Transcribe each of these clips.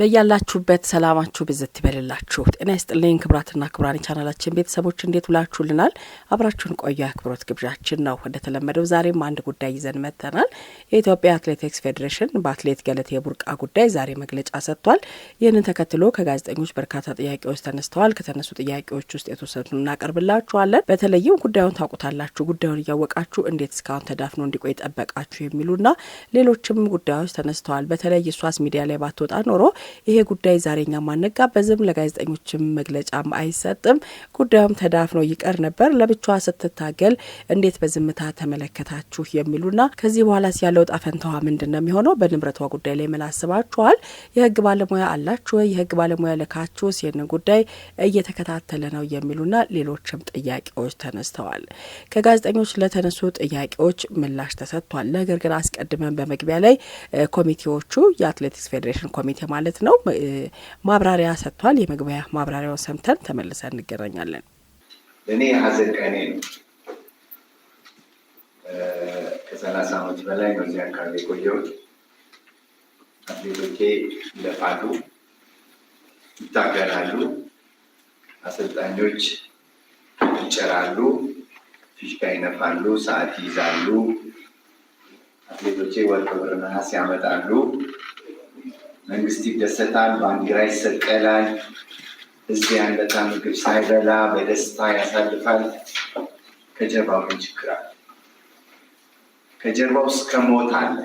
በያላችሁበት ሰላማችሁ ብዝት ይበልላችሁ። ጤና ይስጥልኝ ክብራትና ክብራን ቻናላችን ቤተሰቦች እንዴት ውላችሁልናል? አብራችሁን ቆዩ አክብሮት ግብዣችን ነው። እንደተለመደው ዛሬም አንድ ጉዳይ ይዘን መጥተናል። የኢትዮጵያ አትሌቲክስ ፌዴሬሽን በአትሌት ገለቴ ቡርቃ ጉዳይ ዛሬ መግለጫ ሰጥቷል። ይህንን ተከትሎ ከጋዜጠኞች በርካታ ጥያቄዎች ተነስተዋል። ከተነሱ ጥያቄዎች ውስጥ የተወሰኑ እናቀርብላችኋለን። በተለይም ጉዳዩን ታውቁታላችሁ፣ ጉዳዩን እያወቃችሁ እንዴት እስካሁን ተዳፍኖ እንዲቆይ ጠበቃችሁ የሚሉና ሌሎችም ጉዳዮች ተነስተዋል። በተለይ እሷስ ሚዲያ ላይ ባትወጣ ኖሮ ይሄ ጉዳይ ዛሬኛ እኛም በዝም ለጋዜጠኞችም መግለጫም አይሰጥም፣ ጉዳዩም ተዳፍኖ ይቀር ነበር። ለብቻዋ ስትታገል እንዴት በዝምታ ተመለከታችሁ? የሚሉና ከዚህ በኋላ ያለው ዕጣ ምንድን ነው የሚሆነው? በንብረቷ ጉዳይ ላይ ምን አስባችኋል? የህግ ባለሙያ አላችሁ? የህግ ባለሙያ ልካችሁስ ይህንን ጉዳይ እየተከታተለ ነው የሚሉና ሌሎችም ጥያቄዎች ተነስተዋል። ከጋዜጠኞች ለተነሱ ጥያቄዎች ምላሽ ተሰጥቷል። ነገር ግን አስቀድመን በመግቢያ ላይ ኮሚቴዎቹ የአትሌቲክስ ፌዴሬሽን ኮሚቴ ማለት ማለት ነው ማብራሪያ ሰጥቷል። የመግቢያ ማብራሪያውን ሰምተን ተመልሰን እንገናኛለን። እኔ ሀዘን ቀኔ ነው። ከሰላሳ ዓመት በላይ ነው እዚያ አካባቢ የቆየሁት። አትሌቶቼ ይለፋሉ፣ ይታገላሉ። አሰልጣኞች ይጭራሉ፣ ፊሽካ ይነፋሉ፣ ሰዓት ይይዛሉ። አትሌቶቼ ወርቅ፣ ብርና ነሐስ ያመጣሉ። መንግስት ይደሰታል፣ ባንዲራ ይሰቀላል፣ እዚህ ያንበታ ምግብ ሳይበላ በደስታ ያሳልፋል። ከጀርባው ግን ችግር አለ። ከጀርባው እስከ ሞት አለ።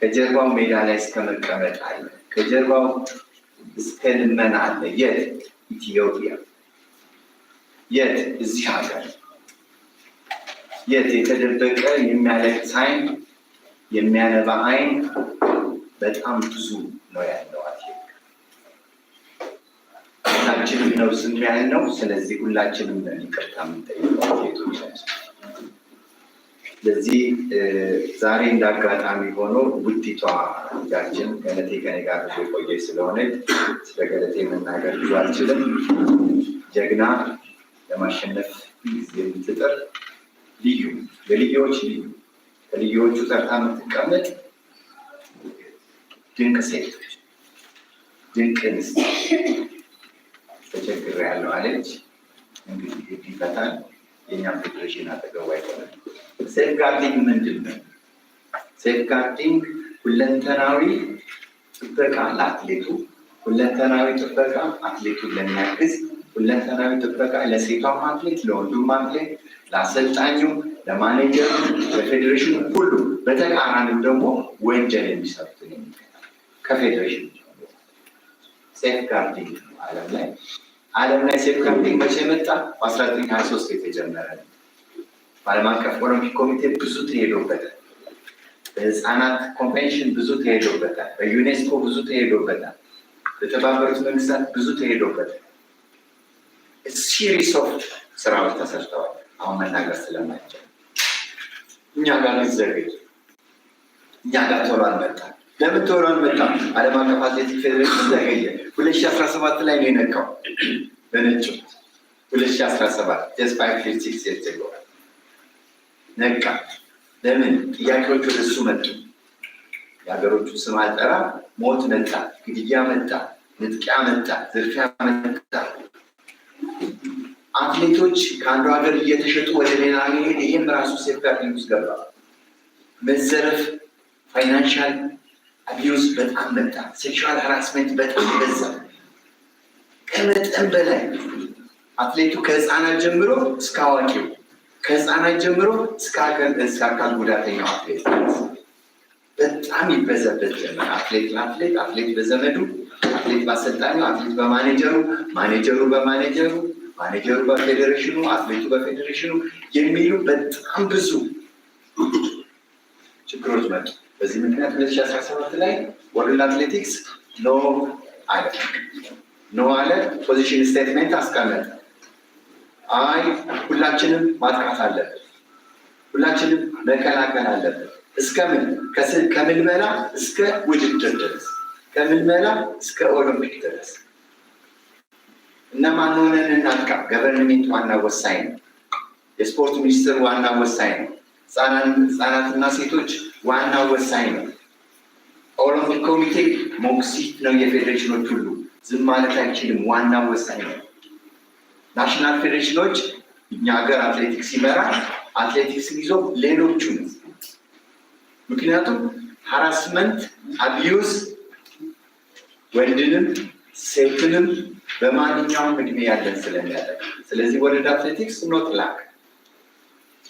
ከጀርባው ሜዳ ላይ እስከ መቀመጥ አለ። ከጀርባው እስከ ልመና አለ። የት ኢትዮጵያ፣ የት እዚህ ሀገር፣ የት የተደበቀ የሚያለቅስ ዓይን የሚያነባ አይን በጣም ብዙ ነው ያለው። ሁላችንም ነው ያህል ያልነው። ስለዚህ ሁላችንም ነው ይቅርታ የምንጠይቀው ስለዚህ ዛሬ እንዳጋጣሚ አጋጣሚ ሆኖ ውዲቷ ልጃችን ገለቴ ከኔ ጋር የቆየ ስለሆነ ስለ ገለቴ መናገር ብዙ አልችልም። ጀግና ለማሸነፍ የምትጥር ልዩ፣ የልዮች ልዩ፣ ከልዮቹ ተርታ የምትቀመጥ ድንቅ ሴቶች፣ ድንቅ እንስት ተቸግር ያለው አለች። እንግዲህ ህግ ይፈታል። የእኛ ፌዴሬሽን አጠገቡ አይቀርም። ሴፍጋርዲንግ ምንድን ነው? ሴፍጋርዲንግ ሁለንተናዊ ጥበቃ ለአትሌቱ፣ ሁለንተናዊ ጥበቃ አትሌቱን ለሚያግዝ፣ ሁለንተናዊ ጥበቃ ለሴቷም አትሌት፣ ለወንዱም አትሌት፣ ለአሰልጣኙ፣ ለማኔጀሩ፣ ለፌዴሬሽኑ ሁሉ በተቃራኒው ደግሞ ወንጀል የሚሰሩትን ከፌዴሬሽን ሴፍ ጋርዲንግ ዓለም ላይ ዓለም ላይ ሴፍ ጋርዲንግ መቼ መጣ? በአስራ ዘጠኝ ሀያ ሶስት የተጀመረ ነው። በዓለም አቀፍ ኦሎምፒክ ኮሚቴ ብዙ ተሄዶበታል። በህፃናት ኮንቬንሽን ብዙ ተሄዶበታል። በዩኔስኮ ብዙ ተሄዶበታል። በተባበሩት መንግስታት ብዙ ተሄዶበታል። ሲሪስ ኦፍ ስራዎች ተሰርተዋል። አሁን መናገር ስለማይቻል እኛ ጋር ሊዘገጅ እኛ ጋር ቶሎ አልመጣም። ለምን ቶሎ አልመጣም? ዓለም አቀፍ አትሌቲክ ፌዴሬሽን ዘገየ። ሁለት ሺ አስራ ሰባት ላይ ነው የነቃው በነጭ ሁለት ሺ አስራ ሰባት ጀስፋይ ፊፍቲክስ የተገዋል ነቃ። ለምን ጥያቄዎች ወደ እሱ መጡ። የሀገሮቹ ስም አጠራ ሞት መጣ፣ ግድያ መጣ፣ ንጥቂያ መጣ፣ ዝርፊያ መጣ። አትሌቶች ከአንዱ ሀገር እየተሸጡ ወደ ሌላ ሄድ ይህም ራሱ ሴፍጋርዲንግ ውስጥ ገባ። መዘረፍ ፋይናንሻል አቢዩዝ በጣም መጣ። ሴክሹዋል ሃራስመንት በጣም በዛ ከመጠን በላይ አትሌቱ ከህፃናት ጀምሮ እስከ አዋቂው፣ ከህፃናት ጀምሮ እስከ አካል ጉዳተኛው አትሌት በጣም ይበዛበት ጀመር። አትሌት ለአትሌት፣ አትሌት በዘመዱ፣ አትሌት በአሰልጣኙ፣ አትሌት በማኔጀሩ፣ ማኔጀሩ በማኔጀሩ፣ ማኔጀሩ በፌዴሬሽኑ፣ አትሌቱ በፌዴሬሽኑ የሚሉ በጣም ብዙ ችግሮች መጡ። በዚህ ምክንያት 2017 ላይ ወርልድ አትሌቲክስ ኖ አለ ኖ አለ። ፖዚሽን ስቴትሜንት አስቀመጠ። አይ ሁላችንም ማጥቃት አለብን፣ ሁላችንም መከላከል አለብን። እስከምን ከምልመላ እስከ ውድድር ድረስ ከምልመላ እስከ ኦሎምፒክ ድረስ እና ማንሆነን እናጥቃ። ገቨርንሜንት ዋና ወሳኝ ነው። የስፖርት ሚኒስትር ዋና ወሳኝ ነው። ህጻናትና ሴቶች ዋናው ወሳኝ ነው። ኦሎምፒክ ኮሚቴ ሞግዚት ነው። የፌዴሬሽኖች ሁሉ ዝም ማለት አይችልም። ዋናው ወሳኝ ነው። ናሽናል ፌዴሬሽኖች እኛ ሀገር አትሌቲክስ ይመራ አትሌቲክስን ይዞ ነው። ምክንያቱም ሀራስመንት አቢዩዝ ወንድንም ሴትንም በማንኛውም እድሜ ያለን ስለሚያደርግ ስለዚህ ወደ አትሌቲክስ ኖት ላክ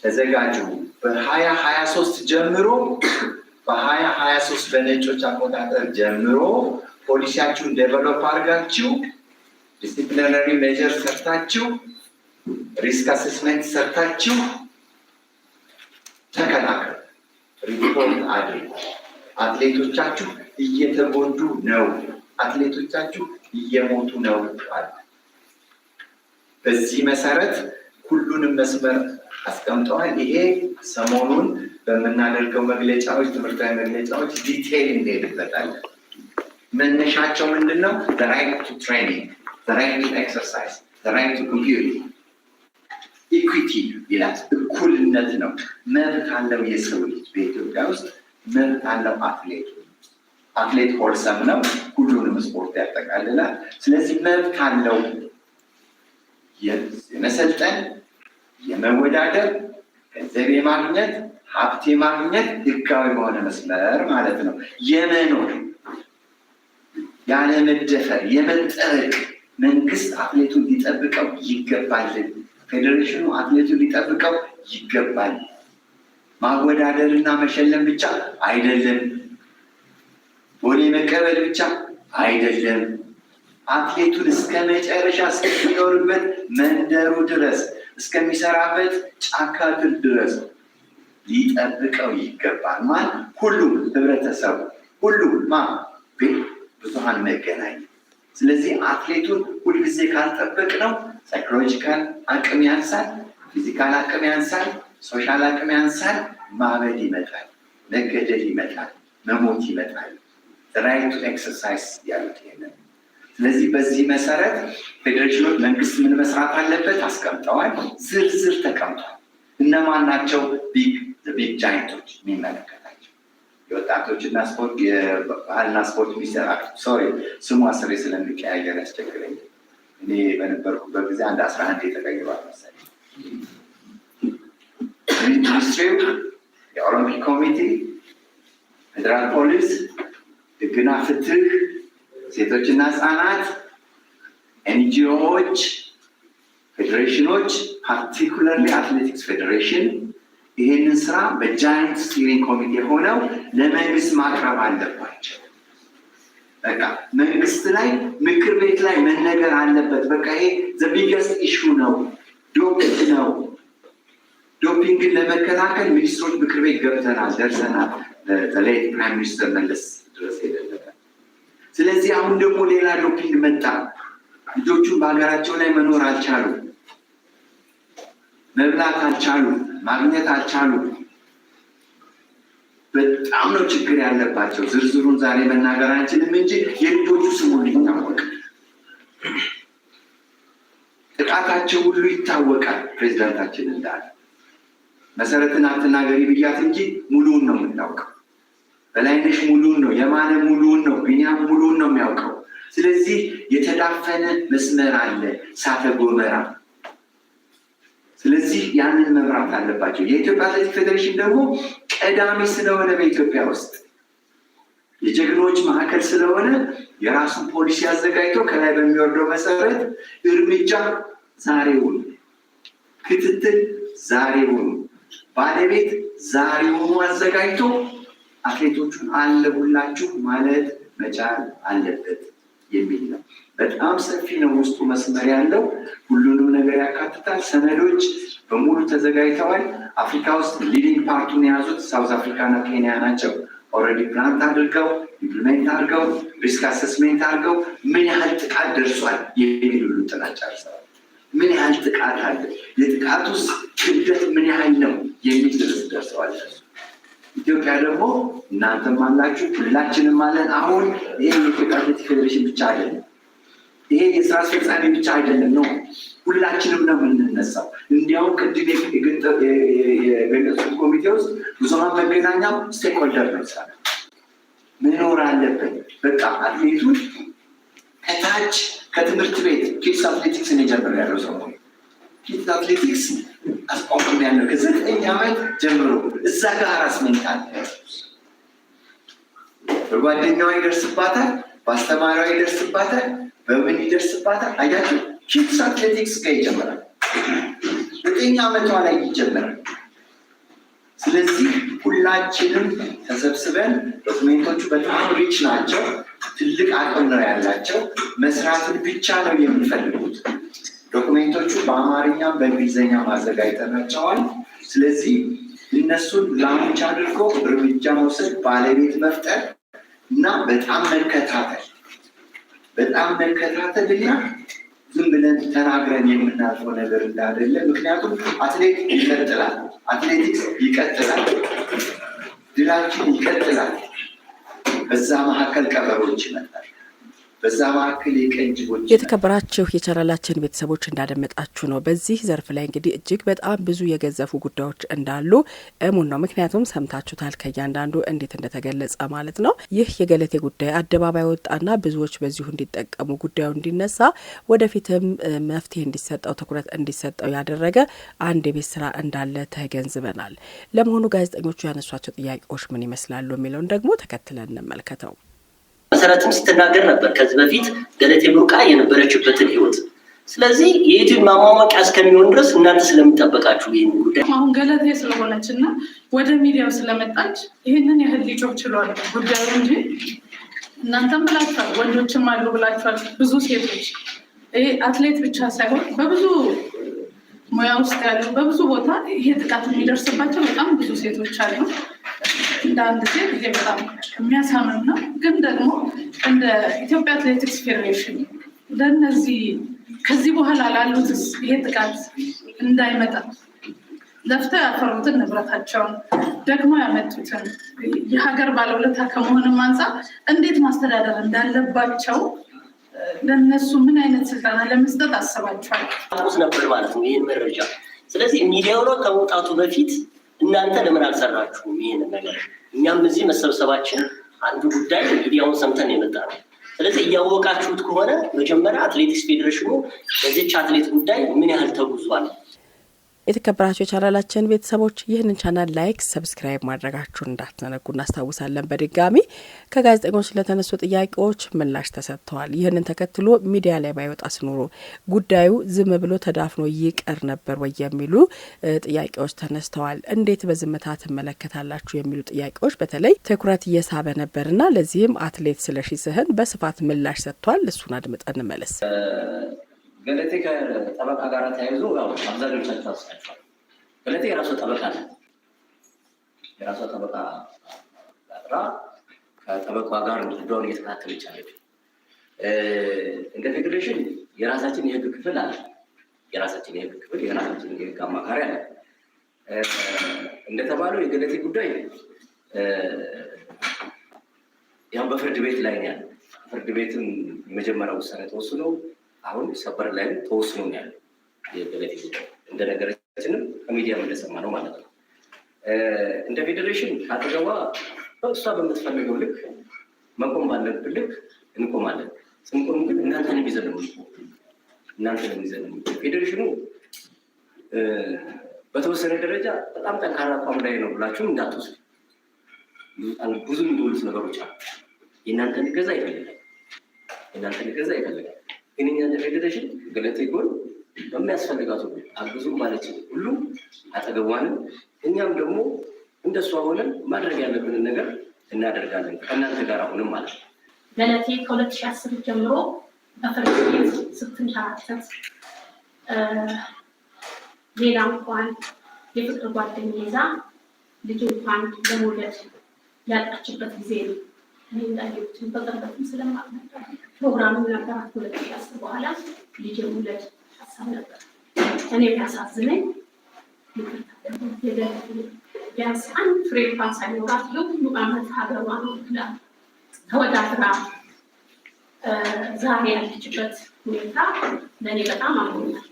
ተዘጋጁ። በሀያ ሀያ ሶስት ጀምሮ በሀያ ሀያ ሶስት በነጮች አቆጣጠር ጀምሮ ፖሊሲያችሁን ዴቨሎፕ አድርጋችሁ ዲስፕሊነሪ ሜጀር ሰርታችሁ ሪስክ አሴስመንት ሰርታችሁ ተከላከሉ፣ ሪፖርት አድርጉ። አትሌቶቻችሁ እየተጎዱ ነው፣ አትሌቶቻችሁ እየሞቱ ነው አለ። በዚህ መሰረት ሁሉንም መስመር አስቀምጠዋል። ይሄ ሰሞኑን በምናደርገው መግለጫዎች፣ ትምህርታዊ መግለጫዎች ዲቴይል እንሄድበታለን። መነሻቸው ምንድን ነው? ራይት ቱ ትሬኒንግ፣ ራይት ቱ ኤክሰርሳይዝ፣ ራይት ቱ ኢኩዊቲ ይላል። እኩልነት ነው። መብት አለው የሰው ልጅ በኢትዮጵያ ውስጥ መብት አለው አትሌቱ አትሌት ሆልሰም ነው። ሁሉንም ስፖርት ያጠቃልላል። ስለዚህ መብት አለው የመሰልጠን የመወዳደር ገንዘብ የማግኘት ሀብት የማግኘት ህጋዊ በሆነ መስመር ማለት ነው። የመኖር ያለመደፈር የመጠበቅ መንግስት አትሌቱን ሊጠብቀው ይገባል። ፌዴሬሽኑ አትሌቱን ሊጠብቀው ይገባል። ማወዳደርና መሸለም ብቻ አይደለም፣ ቦሌ መቀበል ብቻ አይደለም። አትሌቱን እስከ መጨረሻ እስከሚኖርበት መንደሩ ድረስ እስከሚሰራበት ጫካ ትል ድረስ ሊጠብቀው ይገባል። ማን? ሁሉም ህብረተሰቡ፣ ሁሉም ማ ቤት ብዙሃን መገናኘት። ስለዚህ አትሌቱን ሁልጊዜ ካልጠበቅ ነው ሳይኮሎጂካል አቅም ያንሳል፣ ፊዚካል አቅም ያንሳል፣ ሶሻል አቅም ያንሳል። ማበድ ይመጣል፣ መገደል ይመጣል፣ መሞት ይመጣል። ራይት ቱ ኤክሰርሳይዝ ያሉት ይሄንን ስለዚህ በዚህ መሰረት ፌዴሬሽኖች መንግስት ምን መስራት አለበት አስቀምጠዋል። ዝርዝር ተቀምጧል። እነማን ናቸው ቢግ ጃይንቶች የሚመለከታቸው የወጣቶችና ስፖርት የባህልና ስፖርት ሚኒስቴር ሶሪ ስሙ አስሬ ስለሚቀያየር ያስቸግረኝ። እኔ በነበርኩበት ጊዜ አንድ አስራ አንድ የተቀይሯል መሰለኝ። ሚኒስትሪው፣ የኦሎምፒክ ኮሚቴ፣ ፌዴራል ፖሊስ፣ ህግና ፍትህ ሴቶችና ህፃናት፣ ኤንጂኦዎች፣ ፌዴሬሽኖች ፓርቲኩለር አትሌቲክስ ፌዴሬሽን ይህንን ስራ በጃይንት ስቲሪንግ ኮሚቴ ሆነው ለመንግስት ማቅረብ አለባቸው። በቃ መንግስት ላይ ምክር ቤት ላይ መነገር አለበት። በቃ ይሄ ዘቢገስት ኢሹ ነው፣ ዶፒንግ ነው። ዶፒንግን ለመከላከል ሚኒስትሮች ምክር ቤት ገብተናል፣ ደርሰናል። በተለይ ፕራይም ሚኒስተር መለስ ስለዚህ አሁን ደግሞ ሌላ ዶክትሪን መጣ። ልጆቹ በሀገራቸው ላይ መኖር አልቻሉ፣ መብላት አልቻሉ፣ ማግኘት አልቻሉ። በጣም ነው ችግር ያለባቸው። ዝርዝሩን ዛሬ መናገር አንችልም እንጂ የልጆቹ ስሙ ይታወቅ፣ ጥቃታቸው ሁሉ ይታወቃል። ፕሬዚዳንታችን እንዳለ መሰረትን አትናገሪ ብያት እንጂ ሙሉውን ነው የምናውቀው። በላይነሽ ሙሉን ነው፣ የማነ ሙሉን ነው፣ ቢኒያም ሙሉን ነው የሚያውቀው። ስለዚህ የተዳፈነ መስመር አለ፣ እሳተ ጎመራ። ስለዚህ ያንን መብራት አለባቸው። የኢትዮጵያ አትሌቲክስ ፌዴሬሽን ደግሞ ቀዳሚ ስለሆነ በኢትዮጵያ ውስጥ የጀግኖች ማዕከል ስለሆነ የራሱን ፖሊሲ አዘጋጅቶ ከላይ በሚወርደው መሰረት እርምጃ ዛሬውን፣ ክትትል ዛሬውን፣ ባለቤት ዛሬውኑ አዘጋጅቶ አትሌቶቹን አለቡላችሁ ማለት መቻል አለበት የሚል ነው። በጣም ሰፊ ነው። ውስጡ መስመር ያለው ሁሉንም ነገር ያካትታል። ሰነዶች በሙሉ ተዘጋጅተዋል። አፍሪካ ውስጥ ሊዲንግ ፓርቱን የያዙት ሳውዝ አፍሪካና ኬንያ ናቸው። ኦልሬዲ ፕላንት አድርገው ኢምፕሊሜንት አድርገው ሪስክ አሰስሜንት አድርገው ምን ያህል ጥቃት ደርሷል የሚል ጥናት ጨርሰዋል። ምን ያህል ጥቃት አለ፣ የጥቃት ውስጥ ክብደት ምን ያህል ነው የሚል ድርስ ደርሰዋል። ኢትዮጵያ ደግሞ እናንተም አላችሁ ሁላችንም አለን። አሁን ይሄ የኢትዮጵያ አትሌቲክስ ፌዴሬሽን ብቻ አይደለም፣ ይሄ የስራ አስፈጻሚ ብቻ አይደለም ነው ሁላችንም ነው የምንነሳው። እንዲያውም ቅድም የገለጹ ኮሚቴ ውስጥ ብዙሃን መገናኛ ስቴክሆልደር ነው ስራ መኖር አለበት። በቃ አትሌቱን ከታች ከትምህርት ቤት ኪድስ አትሌቲክስን የጀመረ ያለው ሰው ኪድስ አትሌቲክስ አስቆም ያለው ከዘጠኝ ዓመት ጀምሮ እዛ ጋር ራስመኝታ በጓደኛዋ ይደርስባታል፣ በአስተማሪዋ ይደርስባታል፣ በምን ይደርስባታል። አያቸው ኪድስ አትሌቲክስ ጋር ይጀምራል። ዘጠኝ ዓመቷ ላይ ይጀምራል። ስለዚህ ሁላችንም ተሰብስበን ዶክሜንቶቹ በጣም ሪች ናቸው። ትልቅ አቅም ነው ያላቸው። መስራትን ብቻ ነው የምንፈልገው። ዶክመንቶቹ በአማርኛ በእንግሊዝኛ ማዘጋጅተናቸዋል። ስለዚህ እነሱን ላውንች አድርጎ እርምጃ መውሰድ፣ ባለቤት መፍጠር እና በጣም መከታተል በጣም መከታተል እና ዝም ብለን ተናግረን የምናልፈው ነገር እንዳደለ። ምክንያቱም አትሌት ይቀጥላል፣ አትሌቲክስ ይቀጥላል፣ ድላችን ይቀጥላል። በዛ መካከል ቀበሮች ይመጣል። በዛ መካከል የቀን ጅቦች የተከበራችሁ የቻናላችን ቤተሰቦች እንዳደመጣችሁ ነው። በዚህ ዘርፍ ላይ እንግዲህ እጅግ በጣም ብዙ የገዘፉ ጉዳዮች እንዳሉ እሙን ነው። ምክንያቱም ሰምታችሁታል ከእያንዳንዱ እንዴት እንደተገለጸ ማለት ነው። ይህ የገለቴ ጉዳይ አደባባይ ወጣና ብዙዎች በዚሁ እንዲጠቀሙ ጉዳዩ እንዲነሳ ወደፊትም መፍትሄ እንዲሰጠው ትኩረት እንዲሰጠው ያደረገ አንድ የቤት ስራ እንዳለ ተገንዝበናል። ለመሆኑ ጋዜጠኞቹ ያነሷቸው ጥያቄዎች ምን ይመስላሉ የሚለውን ደግሞ ተከትለን እንመልከተው። መሰረትም ስትናገር ነበር ከዚህ በፊት ገለቴ ቡርቃ የነበረችበትን ህይወት። ስለዚህ የዩቲዩብ ማሟሟቂያ እስከሚሆን ድረስ እናንተ ስለሚጠበቃችሁ ይህን ጉዳይ አሁን ገለቴ ስለሆነች እና ወደ ሚዲያው ስለመጣች ይህንን ያህል ሊጮህ ችሏል ጉዳዩ እንጂ እናንተም ብላችኋል፣ ወንዶችም አሉ ብላችኋል። ብዙ ሴቶች ይሄ አትሌት ብቻ ሳይሆን በብዙ ሙያ ውስጥ ያሉ በብዙ ቦታ ይሄ ጥቃት የሚደርስባቸው በጣም ብዙ ሴቶች አሉ። እንደ አንድ ሴት ይሄ በጣም የሚያሳምም ነው። ግን ደግሞ እንደ ኢትዮጵያ አትሌቲክስ ፌዴሬሽን ለእነዚህ ከዚህ በኋላ ላሉት ይሄ ጥቃት እንዳይመጣ ለፍተው ያፈሩትን ንብረታቸውን ደግሞ ያመጡትን የሀገር ባለውለታ ከመሆንም አንፃ እንዴት ማስተዳደር እንዳለባቸው ለእነሱ ምን አይነት ስልጠና ለመስጠት አስባችኋል? ነበር ማለት ነው ይህን መረጃ። ስለዚህ ሚዲያው ነው ከመውጣቱ በፊት እናንተ ለምን አልሰራችሁም ይህን ነገር? እኛም እዚህ መሰብሰባችን አንዱ ጉዳይ ሚዲያውን ሰምተን የመጣ ነው። ስለዚህ እያወቃችሁት ከሆነ መጀመሪያ አትሌቲክስ ፌዴሬሽኑ በዚች አትሌት ጉዳይ ምን ያህል ተጉዟል የተከበራቸው የቻናላችን ቤተሰቦች ይህንን ቻናል ላይክ፣ ሰብስክራይብ ማድረጋችሁን እንዳትዘነጉ እናስታውሳለን። በድጋሚ ከጋዜጠኞች ለተነሱ ጥያቄዎች ምላሽ ተሰጥተዋል። ይህንን ተከትሎ ሚዲያ ላይ ባይወጣ ስኖሮ ጉዳዩ ዝም ብሎ ተዳፍኖ ይቀር ነበር ወይ የሚሉ ጥያቄዎች ተነስተዋል። እንዴት በዝምታ ትመለከታላችሁ የሚሉ ጥያቄዎች በተለይ ትኩረት እየሳበ ነበርና ለዚህም አትሌት ስለሺ ስህን በስፋት ምላሽ ሰጥቷል። እሱን አድምጠን እንመለስ። ገለቴ ከጠበቃ ጋር ተያይዞ አብዛኞቻቸው አስቻቸዋል። ገለቴ የራሷ ጠበቃ ነ የራሷ ጠበቃ ራ ከጠበቋ ጋር ድሮን እየተከታተሉ አለች። እንደ ፌዴሬሽን የራሳችን የህግ ክፍል አለ። የራሳችን የህግ ክፍል፣ የራሳችን የህግ አማካሪ አለ። እንደተባለው የገለቴ ጉዳይ ያው በፍርድ ቤት ላይ ነው ያለው። ፍርድ ቤትም የመጀመሪያ ውሳኔ ተወስኖ አሁን ሰበር ላይም ተወስኖ ያለ የበለት እንደ ነገረችንም ከሚዲያም እንደሰማ ነው ማለት ነው። እንደ ፌዴሬሽን አጠገቧ በእሷ በምትፈልገው ልክ መቆም ባለብን ልክ እንቆማለን። ስንቆም ግን እናንተ ይዘን ነው እናንተንም ይዘን ነው። ፌዴሬሽኑ በተወሰነ ደረጃ በጣም ጠንካራ አቋም ላይ ነው ብላችሁም እንዳትወስዱ። ብዙ የሚጎሉት ነገሮች አሉ። የእናንተን እገዛ ይፈልጋል። የእናንተን እገዛ ይፈልጋል። ግን እኛ እንደ ገለቴ ጎን በሚያስፈልጋት አግዙ ማለት ሁሉ አጠገቧንም እኛም ደግሞ እንደሷ ሆነን ማድረግ ያለብንን ነገር እናደርጋለን ከእናንተ ጋር አሁንም ማለት ነው። ገለቴ ከሁለት ሺ አስር ጀምሮ በፍርድ ቤት ስትንሸራተት ሌላ እንኳን የፍቅር ጓደኛ ይዛ ልጅ እንኳን ለመውለድ ያጣችበት ጊዜ ነው። ሌሎችን በቅርበትም ስለማቅመጣ ፕሮግራሙን ሁለት በኋላ ልጅ ውለድ ሀሳብ ነበር። እኔ ያሳዝነኝ ቢያንስ አንድ ፍሬ እንኳን ሳይኖራት አመት ሀገሯ ተወዳድራ ዛሬ ያለችበት ሁኔታ ለእኔ በጣም አምሮኛል።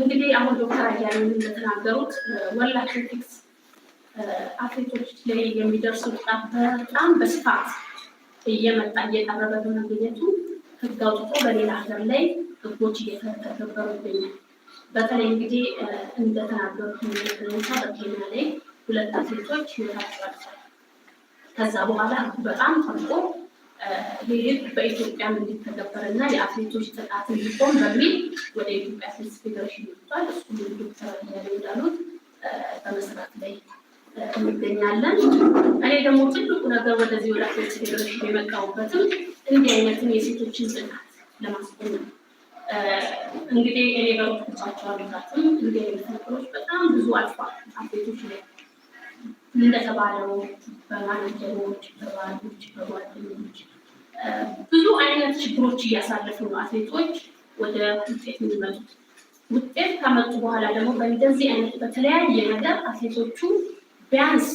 እንግዲህ አሁን ዶክተር አያሌው እንደተናገሩት ወላድ አትሌቶች ላይ የሚደርሱ ጥቃት በጣም በስፋት እየመጣ እየቀረበ በመገኘቱ ህግ አውጥቶ በሌላ ሀገር ላይ ህጎች እየተተገበሩ ይገኛል። በተለይ እንግዲህ እንደተናገሩት ሁኔታ በኬንያ ላይ ሁለት አትሌቶች ህይወታቸው አልፏል። ከዛ በኋላ በጣም ጠንቆ ህግ በኢትዮጵያም እንዲተገበር እንዲተገበርና የአትሌቶች ጥቃት እንዲቆም በሚል ወደ ኢትዮጵያ አትሌቲክስ ፌዴሬሽን መጥቷል። እሱም ዶክተር እንዳሉት በመስራት ላይ እንገኛለን። እኔ ደግሞ ትልቁ ነገር ወደዚህ ወደ አትሌቲክስ ፌዴሬሽን የመጣሁበትም እንዲህ አይነትን የሴቶችን ጽናት ለማስቆም እንግዲህ እኔ በሮቻቸው አሉታትም እንዲህ አይነት ነገሮች በጣም ብዙ አልፏል። አትሌቶች ላይ እንደተባለው በማናጀሮች፣ በባሎች፣ በጓደኞች ብዙ አይነት ችግሮች እያሳለፉ ነው አትሌቶች ወደ ውጤት የሚመጡት። ውጤት ከመጡ በኋላ ደግሞ በእንደዚህ አይነት በተለያየ ነገር አትሌቶቹ ቢያንስ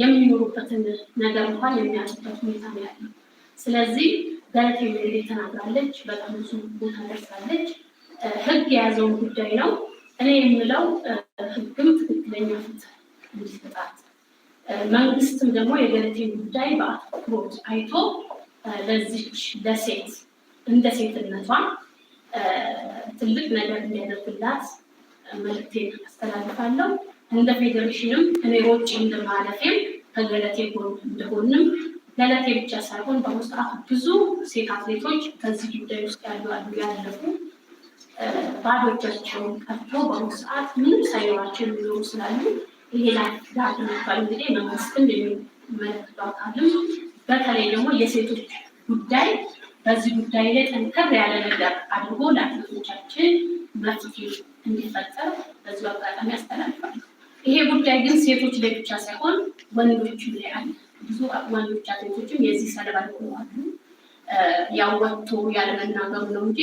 የሚኖሩበትን ነገር እንኳን የሚያጡበት ሁኔታ ነው ያለው። ስለዚህ በለት እንግዲህ ተናግራለች፣ በጣም ብዙ ቦታ ደርሳለች። ህግ የያዘውን ጉዳይ ነው። እኔ የምለው ህግም ትክክለኛ ፍትህ እንዲሰጣት መንግስትም ደግሞ የገለቴን ጉዳይ በአትኩሮት አይቶ ለዚች ለሴት እንደ ሴትነቷ ትልቅ ነገር እንዲያደርግላት መልክቴን አስተላልፋለሁ። እንደ ፌዴሬሽንም እኔ ውጭ እንደማለፌም ከገለቴ ጎን እንደሆንም ገለቴ ብቻ ሳይሆን በአሁኑ ብዙ ሴት አትሌቶች በዚህ ጉዳይ ውስጥ ያሉ አሉ ያለፉ ባዶ እጃቸውን በአሁኑ ሰዓት ምንም ሳይኖራቸው የሚኖሩ ስላሉ ይሄ ዳት የሚባል እንግዲህ መንግስትም የሚመለከቱ አካልም በተለይ ደግሞ የሴቶች ጉዳይ በዚህ ጉዳይ ላይ ጠንከር ያለ ነገር አድርጎ ለአትሌቶቻችን መፍትሄ እንዲፈጠር በዚሁ አጋጣሚ ያስተላልፋል። ይሄ ጉዳይ ግን ሴቶች ላይ ብቻ ሳይሆን ወንዶችም ላይ አለ። ብዙ ወንዶች አትሌቶችም የዚህ ሰለባ ይሆናሉ። ያው ወጥቶ ያለመናገሩ ነው እንጂ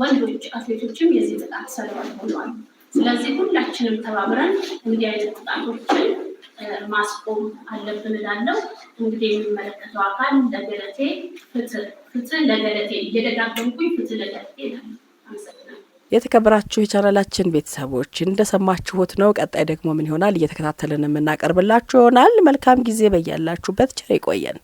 ወንዶች አትሌቶችም የዚህ ጥቃት ሰለባ ይሆናሉ። ስለዚህ ሁላችንም ተባብረን እንዲህ አይነት ጥቃቶችን ማስቆም አለብን እላለሁ። እንግዲህ የሚመለከተው አካል ለገለቴ ፍትህ፣ ፍትህ ለገለቴ እየደጋገምኩኝ ፍትህ ለገለቴ እላለሁ። አመሰግናለሁ። የተከበራችሁ የቻናላችን ቤተሰቦች እንደሰማችሁት ነው። ቀጣይ ደግሞ ምን ይሆናል እየተከታተልን የምናቀርብላችሁ ይሆናል። መልካም ጊዜ በያላችሁበት ቸር ይቆየን።